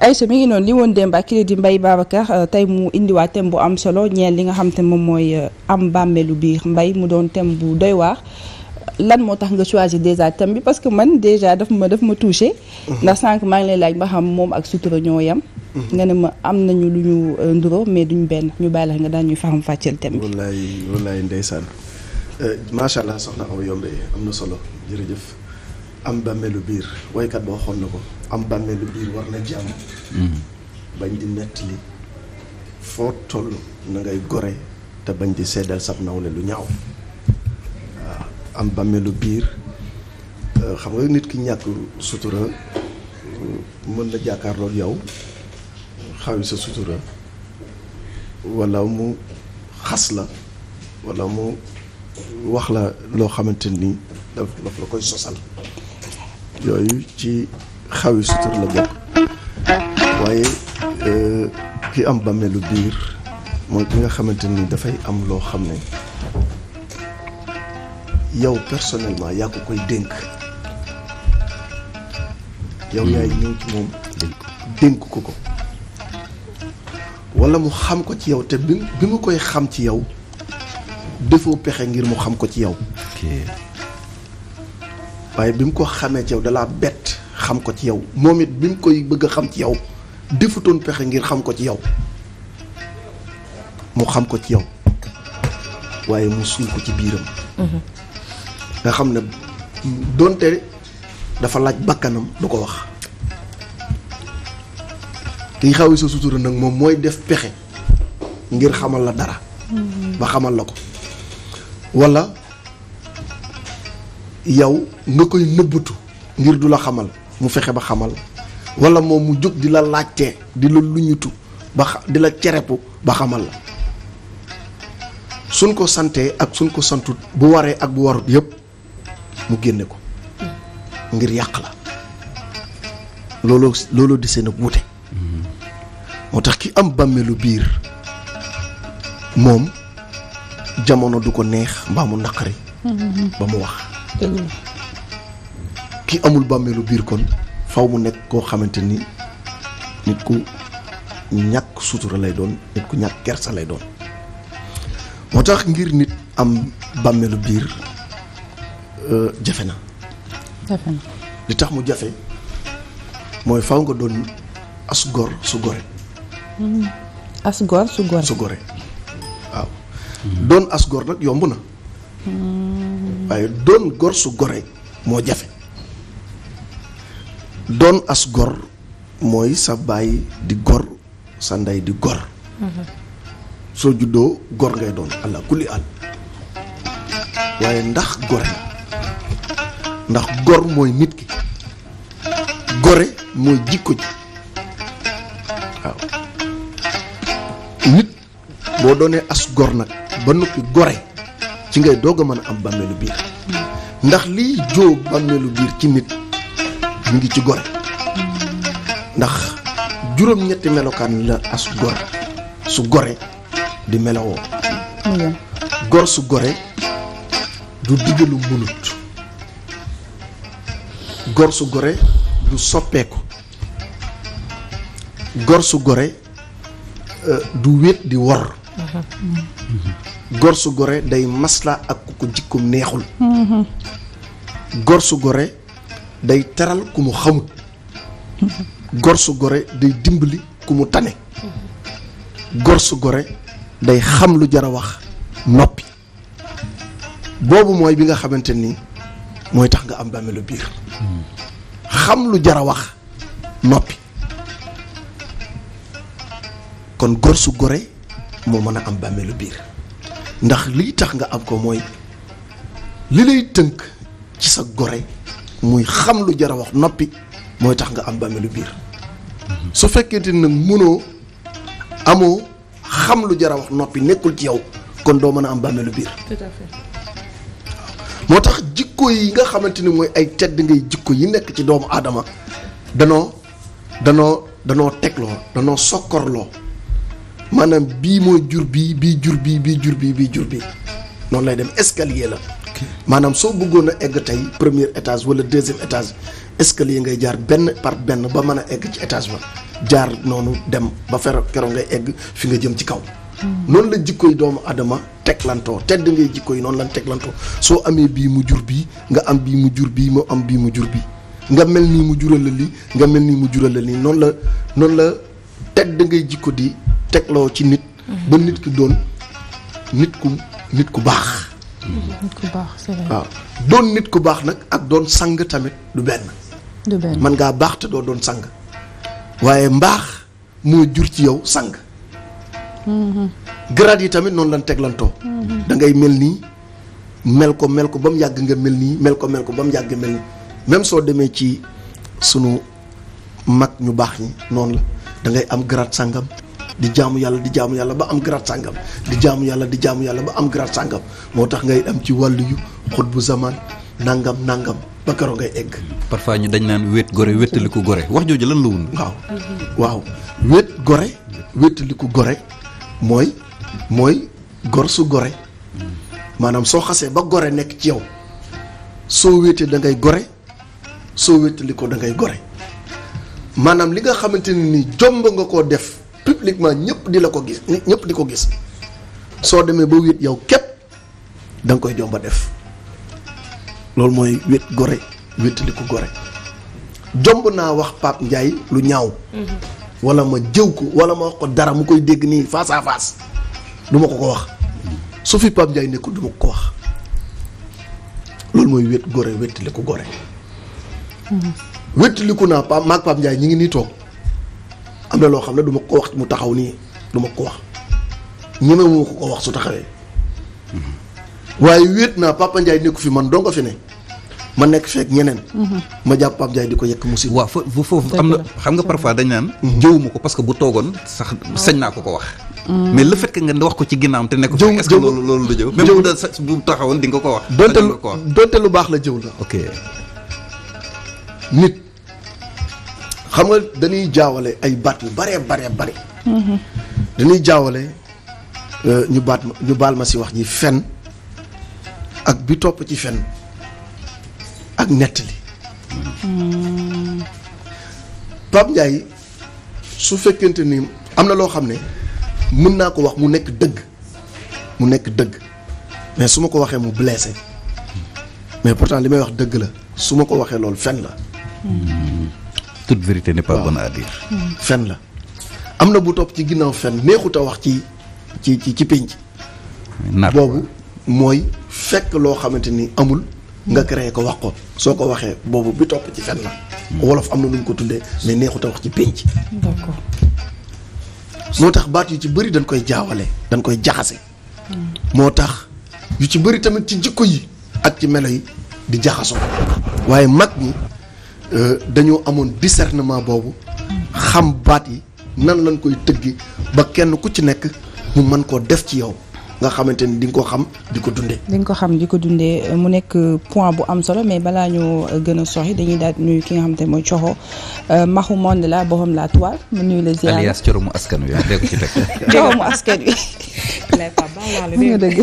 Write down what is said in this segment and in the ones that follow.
Aïssa mi ngi noonu li woon démb ak kii di Mbaye Babacar euh, tey mu indiwaat thème bu am solo ñeen li nga xam te moom mooy euh, am lu biir mbay mu doon thème bu doy waar lan moo tax nga choisir déjà thème bi parce que man déjà daf ma daf ma touché. Mhm. ndax sànq maa ngi lay laaj ba xam moom ak sutura ñoo yam. Mhm. nga ne ma am nañu lu ñu euh, nduro mais du ñu benn ñu bàyyi la nga daan ñuy faram fàcceel thème bi. wallaay wallaay ndeysaan macha allah soxna Awa Yombe am na solo jërëjëf am bàmmeelu biir waykat boo ko. am bàmmeelu biir war na jàmm bañ di nettali foo toll na ngay gore te bañ di seddal sab nawle lu ñaaw waaw am bàmmeelu biir euh, xam nga nit ki ñàkk sutura euh, mën na jàkkaarloog yow xawi sa sutura walla mu xas la walla mu wax la loo xamante ni daf la koy sosal yooyu ci xawi sutur la bokk waaye euh, ki am bàmmeelu biir mooy ki nga xamante nii dafay am loo xam ne yow personnellement yaa ko koy dénk yow hmm. yaay ñëw ci moom dénk ko ko walla mu xam ko ci yow te bi bi mu koy xam ci yow defoo pexe ngir mu xam ko ci yow waaye bi mu ko xamee ci yow dalaa bett xam ko ci yow moom it bi mu koy bëgg xam ci yow defutoon pexe ngir xam ko ci yow mu xam ko ci yow waaye mu suul ko ci biiram mm-hmm. nga xam ne doonte dafa laaj bakkanam du ko wax kiy xawi sutura nag moom mooy def pexe ngir xamal la dara mm-hmm. ba xamal la ko walla yow nga koy nëbbatu ngir du la xamal mu fexe ba xamal walla moom mu jóg di la laajte di la luñutu ba di la cerepu ba xamal la suñ ko santee ak suñ ko santut bu waree ak bu warut yépp mu génne ko ngir yàq la looloo looloo di seen ak wuute moo tax ki am bàmmeelu biir moom jamono du ko neex mbaa mu naqari ba mu wax ki amul bàmmeelu biir kon faw mu nekk koo xamante ni nit ku ñàkk sutura lay doon nit ku ñàkk kersa lay doon moo tax ngir nit am bàmmeelu biir euh, jafe na li tax mu jafe mooy faw nga doon as gor su gore hmm. as gor su gore waaw doon as nag yomb na hmm. waaye doon gor su gore moo jafe doon as gor mooy sa baay di gor sa ndey di gor mhm. soo juddoo gor ngay doon allah kulli àll waaye ndax gore na ndax gor mooy nit ki gore mooy jikko ji waaw nit boo doonee as gor nag ba noppi gore ci ngay doog a mën a am bàmmeelu biir mm. ndax liy jóo bàmmeelu biir ci nit mi ngi ci gore ndax juróom-ñetti melokaan la as gor su gore di melowoo gor su gore du digalu munut gor su gore du soppeeku gor su gore euh, du wéet di wor gor su gore day masla ak ku ko jikkoom neexul gor su gore day teral ku mu xamut gor gore day dimbali ku mu tane gor su gore day xam lu jar a wax noppi boobu mooy bi nga xamante ni mooy tax nga am bàmmeelu biir xam lu jar a wax noppi kon gor su gore moo mën a am bàmmeelu biir ndax liy tax nga am ko mooy li lay tënk ci sa gore muy xam lu jar a wax noppi mooy tax nga am bàmmeelu biir su fekkente nag mënoo amoo xam lu jar a wax noppi nekkul ci yow kon doo mën a am bàmmeelu biir. moo tax jikko yi nga xamante ni mooy ay tedd ngay jikko yi nekk ci doomu aadama danoo danoo danoo tegloo danoo sokkorloo maanaam bii mooy jur bii bii jur bii bii jur bii bii jur bii noonu lay dem escalier la. maanaam soo bëggoon a egg tey premier étage wala deuxième étage escalier ngay jaar benn par benn ba mën a egg ci étage ba jaar noonu dem ba fer keroog ngay egg fi nga jëm ci kaw. Hmm. noonu la jikkoy doomu adama teglantoo tedd ngay jikko yi noonu lan teglantoo soo amee bii mu jur bii nga am bii mu jur bii mu am bii mu jur nga mel nii mu jural la lii nga mel nii mu jural la lii noonu la noonu la tedd ngay jikko di tegloo ci nit. Hmm. ba nit ki doon nit ku nit ku baax. nit doon nit ku baax nag ak doon sang tamit du benn. du benn mën ngaa baax te doo doon sang. waaye mbaax moo jur ci yow sang. Mm-hmm. grade yi tamit noonu lan teglantoo. Mm-hmm. dangay mel nii mel ko mel ko ba mu yàgg nga mel nii mel ko mel ko ba mu yàgg mel nii même soo demee ci sunu mag ñu baax ñi noonu la da am grade sangam. di jaamu yàlla di jaamu yàlla ba am grade sàngam di jaamu yàlla di jaamu yàlla ba am grade sàngam moo tax ngay am ci wàllu yu xut bu zaman nangam nangam ba keroog ngay egg. parfois ñu dañ naan wét gore wétaliku gore wax jooju lan la woon. waaw waaw gore wétaliku gore mooy mooy gor su gore maanaam soo xasee ba gore nekk ci yow soo wéetee da ngay gore soo wétali ko da ngay gore maanaam li nga xamante ne nii jomb nga koo def publiquement ñëpp di la ko gis ñëpp di ko gis soo demee ba wéet yow képp da koy jomba def loolu mooy wéet gore wéetali ko gore jomb naa wax lu ñaaw mm-hmm. wala ma wala ma wax dégg nii face à ma ko ko wax su fi mooy wéet gore wéetali ko gore mm-hmm. maag Pape Ndiaye ñu ngi nii toog am na loo xam ne du ma ko wax mu taxaw nii du ma ko wax ñemewu ko ko wax su taxawee waaye wéet naa Papa Ndiaye nekku fi man doo nga fi ne ma nekk fekk ñeneen. ma jàpp Papa Ndiaye di ko yekk musiba. waaw foofu foofu am na xam nga parfois dañ naan. Mm-hmm. jëwuma ko parce que bu toogoon sax sañ naa ko ko wax. Mm-hmm. mais le fait que nga wax ko ci ginnaawam te nekk. jëw loolu loolu la jëw. nga ko wax. donte lu donte lu baax la jëw la. ok nit. xam nga dañuy jaawale ay baat yu baree baree bare dañuy jaawale euh, ñu baat ñu baal ma si wax ji fen ak bi topp ci fen ak nettali Pape Ndiaye su fekkente ni am na loo xam ne mën naa ko wax mu nekk dëgg mu nekk dëgg mais su ma ko waxee mu blessé mais pourtant li may wax dëgg la su ma ko waxee loolu fen la toute vérité n'est pas bonne à dire. Hmm. fen la am na bu topp ci ginnaaw fen neexut a wax ci ci ci ci pénc. boobu mooy fekk loo xamante ni amul. nga créé ko wax ko soo ko waxee boobu bi topp ci fen la. Hmm. wolof am na nu ñu ko tuddee mais neexut a wax ci pénc. d'accord. moo tax baat yu ci bëri dañ koy jaawale dañ koy jaxase. Hmm. moo tax yu ci bëri tamit ci jikko yi ak ci melo yi di jaxasoo waaye mag ñi. Euh, dañoo amoon discernement boobu xam baat yi nan lañ koy tëggi ba kenn ku ci nekk ñu mën koo def ci yow nga xamante ni di nga ko xam di ko dundee. di nga ko xam di ko dundee mu nekk point bu am solo mais balaa ñu euh, gën a soxi dañuy daal nuyu ki nga xam te mooy coxo euh, maxu monde la borom la toile mu nuyu la ziar askan wi dégg ci teg coromu askan wi mu nga dëgg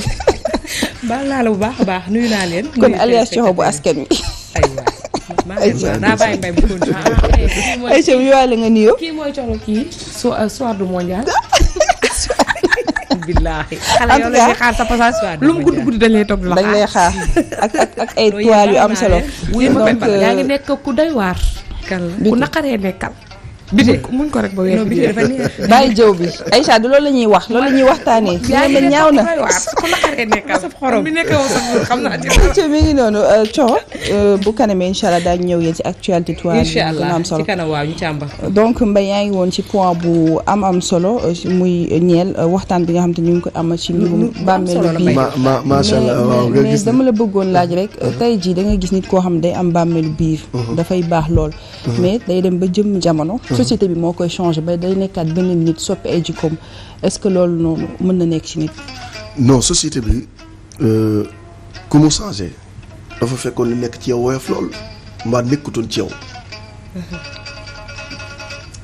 naa la bu baax a baax nuyu naa leen kon alias coxo bu askan wi ayca ah, bi yow la nga nuyoo. kii mooy so euh, soir du xaar sa passage lu mu gudd gudd dañ lay toog xaar ak ak ay toile yu am solo. Euh, yaa ngi nekk ku doy waar. ku naqaree nekkal. bite mun ko rek ba weer bi bàyyi jëw bi Aïcha du loolu la ñuy wax loolu la ñuy waxtaanee ñeme ñaaw na co mi ngi noonu euh, coo euh, bu kanamee incha allah daañu ñëw yéen ci actualité toile dina am solo donc Mbaye yaa ngi woon ci point bu am am solo euh, muy ñeel waxtaan bi nga xam te ñu ngi ko ama ci mbirum bàmmeelu biir macha dama la bëggoon laaj rek mm-hmm. tey jii da nga gis nit koo xam ne day am bàmmeelu biir mm-hmm. dafay baax lool mm-hmm. mais day dem ba jëm jamono société bi moo koy changé ba day nekkaat benn nit soppi ay jikkoom est-ce que loolu noonu mën na nekk ci nit. non société bi euh, ku mu changé dafa fekkoon li nekk ci yow woyof lool mbaa nekkutoon ci yow.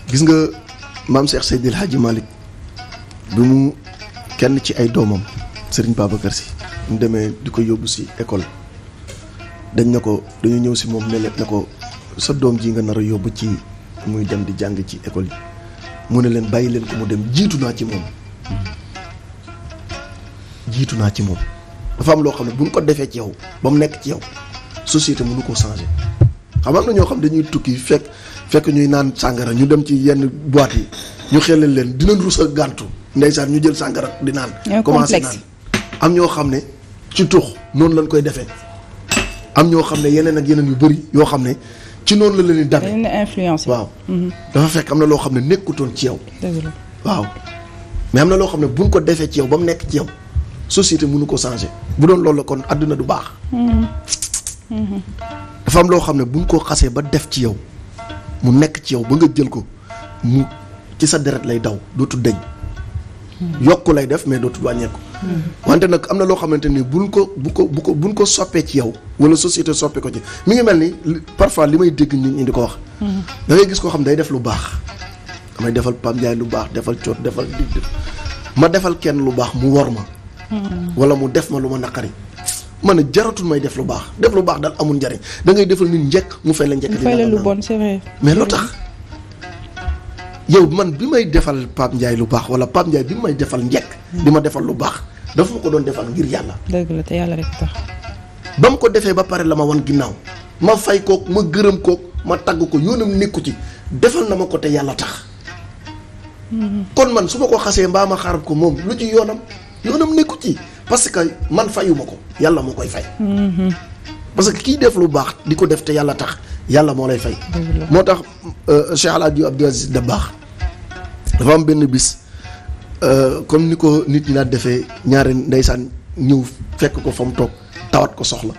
gis nga maam Cheikh Seydil Hadji Malick bi mu kenn ci ay doomam Serigne Babacar Sy mu demee di ko yóbbu si école dañ na ko dañu ñëw si moom ne ne ko sa doom ji nga nar a yóbbu ci. muy dem di jàng ci école yi mu ne leen bàyyi leen ko mu dem jiitu naa ci moom jiitu naa ci moom dafa am loo xam ne buñ ko defee ci yow ba mu nekk ci yow société mënu ko changer xam am na ñoo xam dañuy tukki fekk fekk ñuy naan sàngara ñu dem ci yenn boîte yi ñu xelal leen dina rus a gàntu ndeysaan ñu jël sàngara di naan commencé naan am ñoo xam ne ci tux noonu lañ koy defee am ñoo xam ne yeneen ak yeneen yu bëri yoo xam ne ci noonu la leen di demee influence waaw mhm. dafa fekk am na loo xam ne nekkutoon ci yow waaw mais am na loo xam ne buñ ko defee ci yow ba mu nekk ci yow société mënu ko changer bu doon lool la kon àdduna du baax mhm. Mhm. dafa am loo xam ne buñ ko xasee ba def ci yow mu nekk ci yow ba nga jël ko mu ci sa deret lay daw dootu deñ yokku lay def mais dootul wàññeeku. Mm-hmm. wante nag am na loo xamante ni buñ ko bu ko bu ko buñ ko soppee ci yow wala société soppee ko ci mi ngi mel ni parfois li may dégg nit ñi di ko wax. Mm-hmm. da ngay gis koo xam day def lu baax. damay defal Pape Ndiaye lu baax defal coot defal dig ma defal kenn lu baax mu wor ma. Mm-hmm. wala mu def ma lu ma naqari. man a jaratul may def lu baax def lu baax daal amul njariñ da ngay defal nit njëkk mu fay la njëkk. mu fay la lu bon c'est yow man bi may defal Pape Ndiaye lu baax wala Pape Ndiaye bi may defal njëkk. di ma defal lu baax dafa ma ko doon ngir yàlla. dëgg te yàlla rek ba mu ko defee ba pare la ma wan ginnaaw ma fay kook ma gërëm kook ma tagg ko yoonam nekku ci defal na ma ko te yàlla tax. kon man su ma ko xasee mbaa ma xarab ko moom lu ci yoonam yoonam nekku ci parce que man fayuma ko yàlla moo koy fay. Mm-hmm. parce que kiy def lu baax di ko def te yàlla tax yàlla moo lay fay. moo tax euh, Cheikh El Hadj Abdou Aziz da baax. dafa am benn bis euh, comme ni ko nit ñi daan defee ñaari ndeysaan ñëw fekk ko fa mu toog tawat ko soxla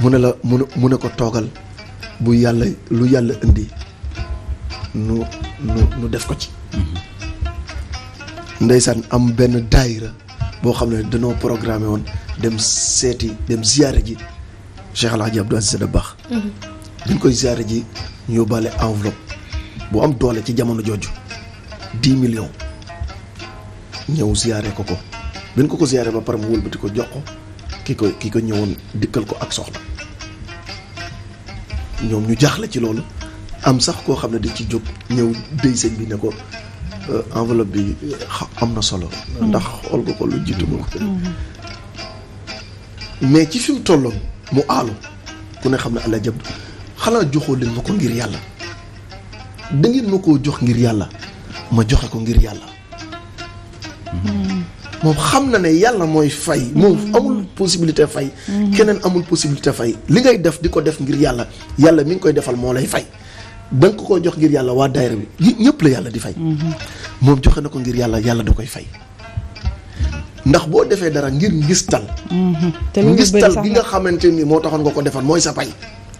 mu ne la mu ne mu ne ko toogal bu yàlla lu yàlla indi nu nu nu def ko ci mm-hmm. ndeysaan am benn daayira boo xam ne dañoo programmé woon dem seeti dem ziyaare ji Cheikh El Hadj Abdou Aziz baax dañ mm-hmm. koy ziyaare ji ñu yóbbaale enveloppe bu am doole ci jamono jooju dix millions ñëw ziyaare ko ko bi ko ko ziyaare ba pare mu wëlbati ko jox ko ki ko ki ko ñëwoon dikkal ko ak soxla ñoom ñu jaaxle ci loolu am sax koo xam ne dañ ci jóg ñëw déy sëñ bi ne ko euh, enveloppe bi euh, am na solo. ndax xool nga ko lu jiitu ko. mais ci fi mu tolloon mu aalu ku ne xam ne allah jab xanaa joxoo leen ma ko ngir yàlla da ngeen ma ko jox ngir yàlla ma joxe ko ngir yàlla moom xam na ne yàlla mooy fay moom amul possibilité fay keneen amul possibilité fay li ngay def di ko def ngir yàlla yàlla mi ngi koy defal moo lay fay da nga ko ko jox ngir yàlla waa daayira bi ñëpp la yàlla di fay moom joxe na ko ngir yàlla yàlla da koy fay ndax boo defee dara ngir ngistal ngistal gi nga xamante ni moo taxoon nga ko defal mooy sa pay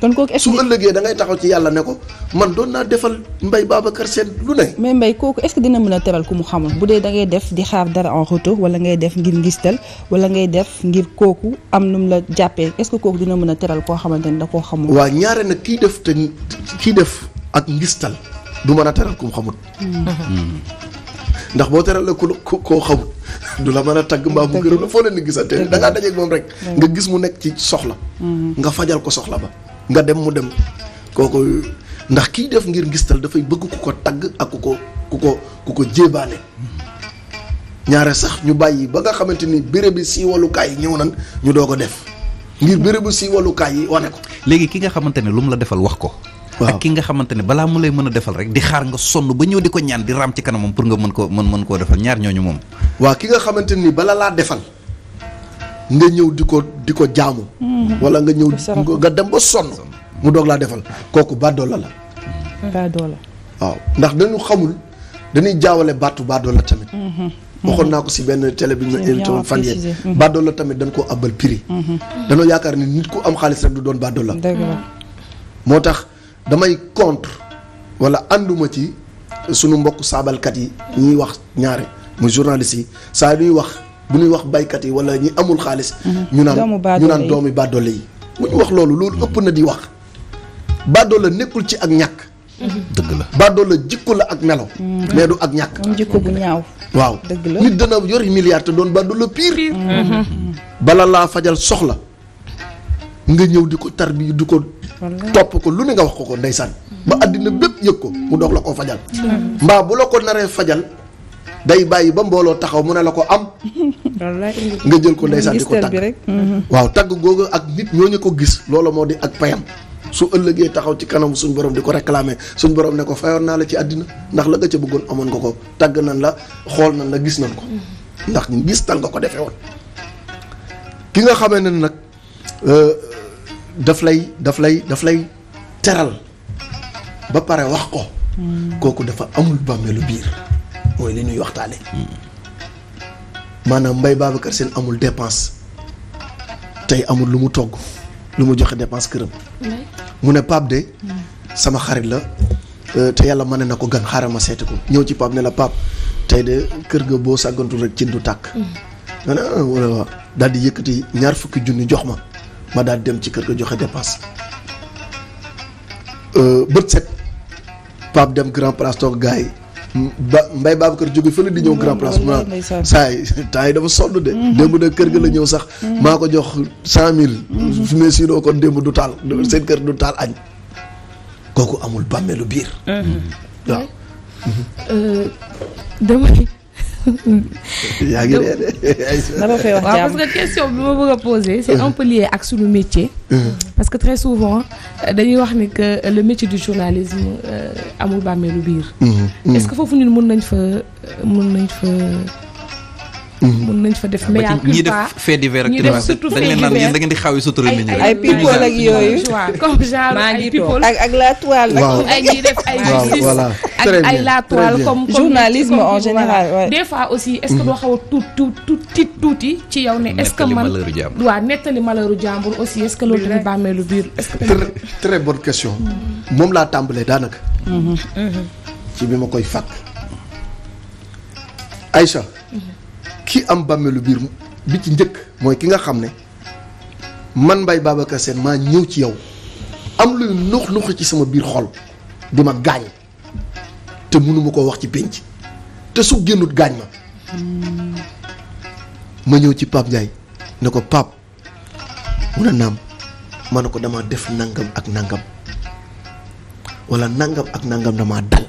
kon kooku su ëllëgee da ngay taxaw ci yàlla ne ko man doon naa defal Mbaye Babacar Sène lu ne. mais Mbaye kooku est dina mën a teral ku mu xamul bu dee da ngay def di xaar dara en retour wala ngay def ngir ngistal wala ngay def ngir kooku am nu mu la jàppee est-ce que kooku dina mën a teral koo xamante ni da koo xamul. waaw ñaare nag kiy def te kiy def ak ngistal du mën a teral ku mu hmm. ndax boo teral la ku koo xamul du la mën a tagg mbaa mu gërëm la foo leen di gisante da ngaa dajeeg moom rek nga gis mu nekk ci soxla hmm. nga fajal ko soxla ba nga dem mu dem kooku ndax kiy def ngir gistal dafay bëgg ku ko tagg ak ku ko ku ko ku ko jéebaane ñaare sax ñu bàyyi ba nga xamante ni béréb bi siiwalukaay yi ñëw nan ñu doo ko def ngir bérébu siiwalukaay yi wane ko. léegi ki nga xamante ne lu mu la defal wax ko. waaw ak ki nga xamante ne balaa mu lay mën a defal rek di xaar nga sonn ba ñëw di ko ñaan di raam ci kanamam pour nga mën ko mën mën koo defal ñaar ñooñu moom. waa ki nga xamante ni bala laa defal. nga ñëw di ko di ko jaamu. Mm-hmm. wala nga ñëw nga dem ba sonn. mu doog laa defal kooku baadoola la. baadoola. waaw ndax dañu xamul dañuy jaawale baatu baadoola tamit. Mm-hmm. Mm-hmm. waxoon naa ko si benn télé bi ñu ma invité woon fan yee baadoola tamit dañ koo abal prix. dañoo yaakaar ni nit ku am xaalis rek du doon baadoola. moo tax damay contre wala ànduma ci sunu mbokk saabalkat yi ñuy wax ñaare muy journaliste yi saa ñuy wax. bu ñuy wax baykat yi wala ñi amul xaalis. Mhm. ñu naan ñu naan doomi bàddoole yi. bu ñu wax loolu loolu ëpp na di wax bàddoole nekkul ci ak ñàkk. Mhm. dëgg la bàddoo la jikko la ak melo. Mhm. mais ak ñàkk. moom jikko bu ñaaw. waaw nit dana yori doon bàddoo la pire. bala laa fajal soxla nga ñëw di ko tarbi di ko topp ko lu ne nga wax ko ko ndeysaan. ba àddina bépp yëg ko mu dox la ko fajal. mbaa bu la ko naree fajal. day bàyyi ba mbooloo taxaw mu ne la ko am. nga jël ko ndeysaan di ko tagg. Mm-hmm. waaw tagg googu ak nit ñooñu ko gis loola moo di ak payam. su ëllëgee taxaw ci kanamu suñ borom di ko réclamer suñ borom ne ko fayoon naa la ci àddina ndax la nga ca bëggoon amoon nga ko tagg nañ la xool nañ la gis nañ ko. ndax gis tal nga ko defee woon. ki nga xamee ne nag euh, daf lay daf lay daf lay teral ba pare wax ko. Mm. kooku dafa amul bàmmeelu biir. mooy li ñuy waxtaane maanaam Mbaye kër seen amul dépense tey amul lu mu togg lu mu joxe dépense këram mu ne Pape de sama xarit la euh, te yàlla ne na ko gan xaaral ma seeti ko ñëw ci Pape ne la Pape tey de kër ga boo sàggantul rek cin du tàkk mm. nga ne ah, daal di yëkkati ñaar fukki junni jox ma ma daal dem ci kër ga joxe dépense euh, bët set Pape dem grand place toog gars yi ba Mbaye Babacar jóge fële di ñëw grand place mu mm-hmm. naan saa yi temps yi dafa sonn de mm-hmm. démb de kër ga la ñëw sax mm-hmm. maa ko jox cent mille su mais siinoo kon démb du taal seen kër du taal añ kooku amul bàmmeelu biir waaw eh? euh, yaa ngi réer dama wax waaw parce question bi ma bëgg a poser c'est un ak suñu métier. Mm-hmm. parce que très souvent euh, dañuy wax ni que euh, le métier du journalisme euh, amul bàmmeelu biir. Mm-hmm. Mm-hmm. est-ce que foofu ñun mën nañ fa mën nañ fa. mën mm-hmm. nañ fa def mea culpa ñi def fait divers ak def surtout fait divers da ngeen da ngeen di xaw yi sutura nit ñi ay people ak yooyu comme genre ak la toile comme ay ñi def ay voilà ak ay la toile comme journalisme en général des fois aussi est-ce que tuuti ci yow ne est-ce que man waaw nettali malheuru jàmbur aussi est-ce que loolu tamit biir très très bonne question mm-hmm. moom laa tàmbalee daanaka mm-hmm. ci bi ma koy fàtt Aïcha ki am bàmmeelu biir bi ci njëkk mooy ki nga xam ne man Mbaye Babacar Sène maa ñëw ci yow am luy nux nux ci sama biir xol di ma gaañ te mënuma koo wax ci pénc te su génnut gaañ ma ma ñëw ci Pape Ndiaye ne ko Pape mun a naam ma ne ko dama def nangam ak nangam wala nangam ak nangam damaa dal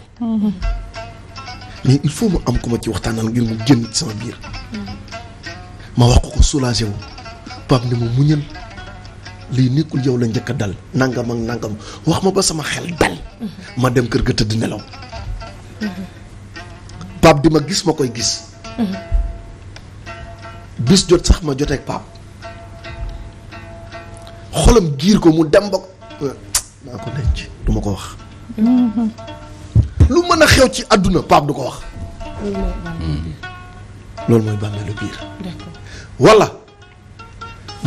mais il faut mu am ku ma ci waxtaanal ngir mu génn ci sama biir ma wax ko ko soulagé wu Pape mu muñal lii nekkul yow la njëkk a dal nangam ak nangam wax ma ba sama xel dal ma dem kër ga tëdd nelaw Pape di ma gis ma koy gis bés jot sax ma joteeg Pape xolam giir ko mu dem ba euh, maa ko denc du ko wax mhm. lu mën a xew ci àdduna pape du ko wax. loolu mooy bàmmeelu hmm. biir. wala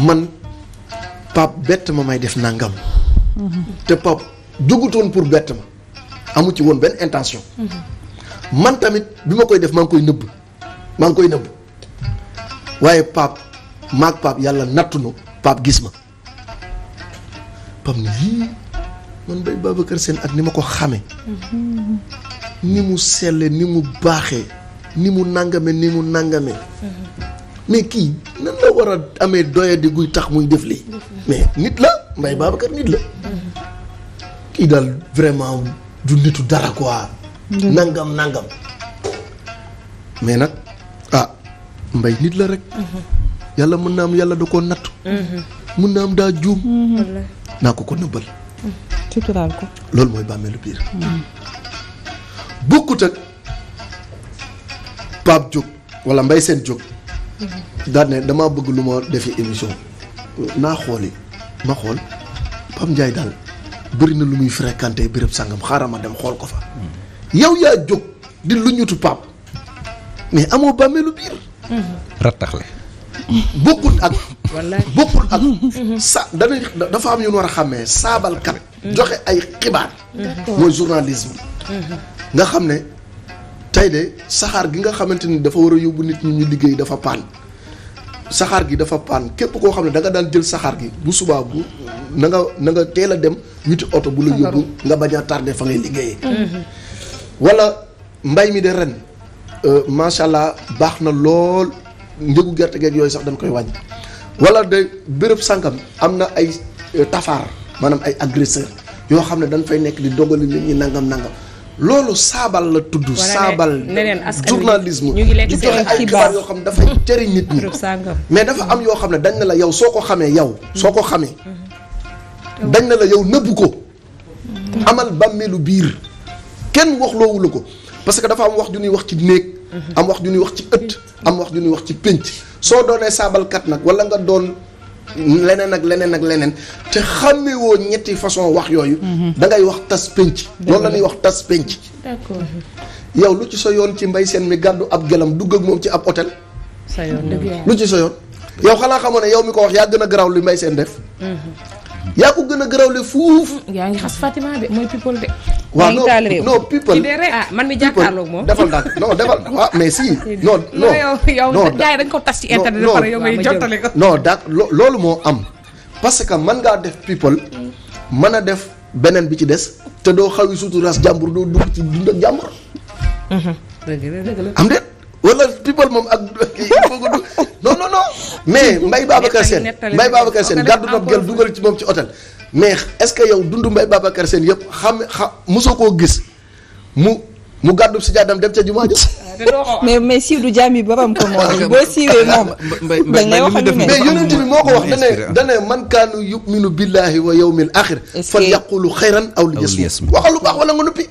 man pape bett ma may def nangam. Mhm. te pape jógutoon pour bett ma amu ci woon benn intention. Mhm. man tamit bi ma koy def maa ngi koy nëbb maa ngi koy nëbb waaye pape maag pape yàlla nattu nu pape gis ma pape ni man Mbaye Babacar Sène ak ni ma ko xame ni mu selle ni mu baaxee ni mu nàngame ni mu nàngame mais kii nan la war a amee doyadi guy tax muy def lii mais nit la mbay Babacar nit la kii daal vraiment du nitu dara quoi nangam nangam mais nag ah mbay nit la rek yàlla mën naa am yàlla du ko natt mën naa am daa juum naa ko ko nëbbal loolu mooy bàmmeelu biir. bokkut ak Pape Diop wala mbay Sène jóg daan ne damaa bëgg lu ma defi émission naa xooli ma xool Pape Ndiaye daal bëri na lu muy fréquenté béréb sangam xaaral ma dem xool ko fa. yow yaa jóg di lu ñutu Pape mais amoo bàmmeelu biir. rattax bokkut ak. wallaay bokkut ak. sa dafa am ñu war a xàmmee saabalkat. joxe ay xibaar. mooy journalisme. nga xam ne tey de saxaar gi nga xamante ni dafa war a yóbbu nit ñi ñu liggéey dafa paan saxaar gi dafa paan képp koo xam ne danga daal jël saxaar gi bu subaa bu na nga na nga teel a dem wuti oto bu la yóbbu nga bañ a tardé fa ngay liggéeyee. Mm-hmm. wala mbay mi de ren euh, macha allah baax na lool njëgu gerte gen yooyu sax dañ koy wàññi wala de béréb sàngam am na ay euh, tafaar. maanaam ay agresseur yoo xam ne dañ fay nekk di dogali nit ñi nangam nangam loolu saabal la tudd. saabal journalisme di joxe ay xibaar yoo xam ne dafay jëriñ nit ñi. mais dafa am yoo xam ne dañ na la yow soo ko xamee yow. soo ko xamee. dañ na la yow nëbbu ko. amal bàmmeelu biir kenn wax loowu la ko parce que dafa am wax ju ñuy wax ci néeg. am wax ju ñuy wax ci ëtt. am wax ju ñuy wax ci pénc. soo doonee saabalkat nag wala nga doon. leneen ak leneen ak leneen te xàmmewoo ñetti façon wax yooyu. Mhm. da ngay wax tas penc. loolu la ñuy wax tas penc. d'accord lu ci sa yoon ci mbay seen mi gàddu ab gelam dugg ak moom ci ab hôtel. sa lu ci sa yoon. yow xanaa xamoon ne yow mi ko wax yaa gën a garaaw li mbay seen def. Mhm. yaa ko gën a garawle fuuf. Mm, yaa ngi xas Fatima de mooy people de. waaw non non people ah, moom. defal daal non defal waaw mais ko tas ci internet. non non yow ngay jottali ko. loolu moo am parce que man ngaa def people man a def beneen bi ci des te doo xaw a suturaas jàmbur doo dugg ci dund ak jàmbur. Mhm. dëgg la dëgg la am déet wala people moom ak kii non non non. mais Mbaye Babacar Sène Mbaye Babacar Sène gàddu na gel dugal ci moom ci hôtel mais est-ce que yow dund Mbaye Babacar Sène yëpp xam xam mosoo koo gis mu mu gàddu si jaadam dem sa jumaa ja mais mais siiw du jaam yi borom ko moom ah, boo siiwee moom. Ah, mbay mbay li mu def mais yonent bi moo ko wax dane dane man kaanu yuminu billahi wa yawmil axir fal yaqulu xayran aw li yasmut waxal lu baax wala nga noppi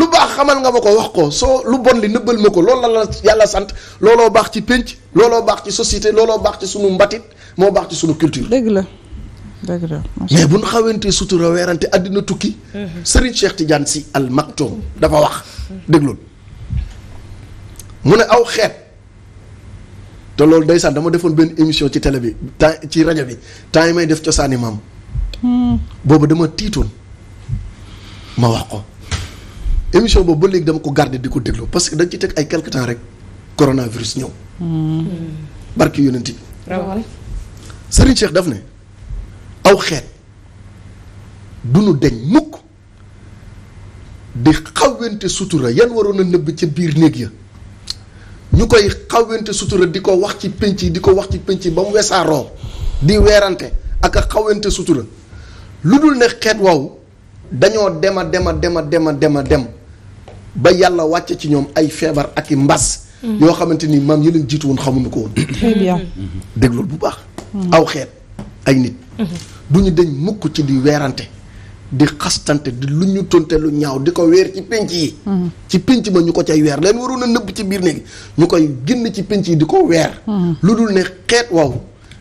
lu baax xamal nga ma ko wax ko soo lu bon li nëbbal ma ko loolu la la yàlla sant looloo baax ci pénc looloo baax ci société looloo baax ci sunu mbatit moo baax ci sunu culture dëgg la dëgg la mais bu ñu xawantee sutura weerante àddina tukki mm-hmm. Serigne Cheikh Tidiane Sy Al Maktoum dafa wax mm-hmm. déglul mu ne aw xeet te loolu ndeysaan dama defoon benn émission ci télé bi temps ci rajo bi temps yi may def cosaani maam. Hmm. boobu dama tiitoon ma wax ko. émission boobu ba léegi dama ko garder di ko déglu parce que dañ ci teg ay quelque temps rek coronavirus ñëw. Hmm. barki yonent bi. Serigne Cheikh daf ne aw xeet du nu deñ mukk di xawwente sutura yan waroon a nëbb ca biir néeg ya. ñu koy xawente sutura di ko wax ci pénc yi di ko wax ci pénc yi ba mu wesaaroo di weerante ak a xawente sutura lu dul ne xeet waw dañoo dema dema dema dema dema dem ba yàlla wàcce ci ñoom ay feebar ak i mbas mm. yoo xamante ni maam yi leen xamuñu ko woon bu baax mm. aw xeet ay nit mm-hmm. du ñu deñ mukk ci di weerante di xastante lu ñu tonte lu ñaaw di ko weer ci pénc yi mm-hmm. ci pénc ba ñu ko cay weer leen waroon a nëbb ci biir néegi ñu koy génn ci pénc yi di ko weer mm-hmm. lu dul ne xeet waaw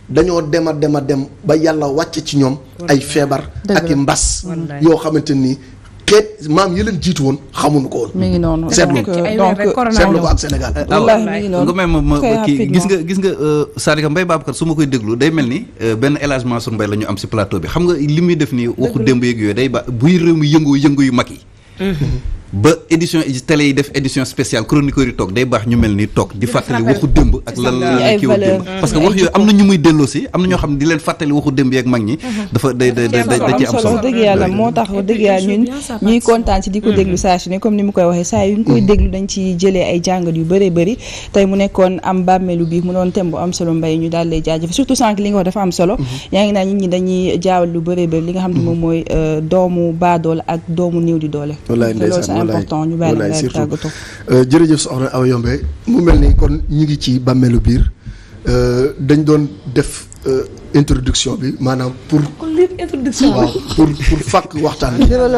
dañoo dem a dem a dem ba yàlla wàcc ci ñoom ay feebar ak i mbas yoo xamante nii xeet maam yi leen jiitu woon xamuñu ko woon. mi ngi noonu donc donc seetlu ko ak Sénégal. Ah, wallaahi mi ngi noonu nga ma kii gis nga gis nga euh, Sadika Mbaye Babacar su ma koy déglu day mel ni euh, benn élage Mansour Mbaye la ñu am si plateau bi xam nga li muy def nii waxu démb yeeg yooyu day ba buy réew mi yëngu yëngu yu mag yi. Mm-hmm. ba édition télé yi def édition spéciale chroniqueur yi toog day baax ñu mel ni toog di fàttali waxu démb ak lan la kii waxu parce que wax yooyu am na ñu muy delloo si am na ñoo xam ne di leen fàttali waxu démb yeeg mag ñi mm-hmm. dafa day da da ci am solo dëgg yàlla moo tax dëgg yàlla ñun ñuy kontaan si di ko mm-hmm. déglu ne comme ni mu koy waxee saa yu ñu koy mm-hmm. déglu dañ ci jëlee ay jàngat yu bëree bëri tey mu nekkoon am bàmmeelu bi mu doon thème bu am solo mbay ñu daal lay jaajëf surtout sànq li nga wax am solo yaa ngi nit ñi dañuy jaawal lu bëree li nga xam ne moom mooy euh, doomu baadool ak doomu néew di doole important ñu bàyyi la nga tàggatoo euh, jërëjëf soxna Awa mu mel ni kon ñu ngi ci bàmmeelu biir euh, dañ doon def euh, introduction bi maanaam pour. pour pour fàkk waxtaan bi.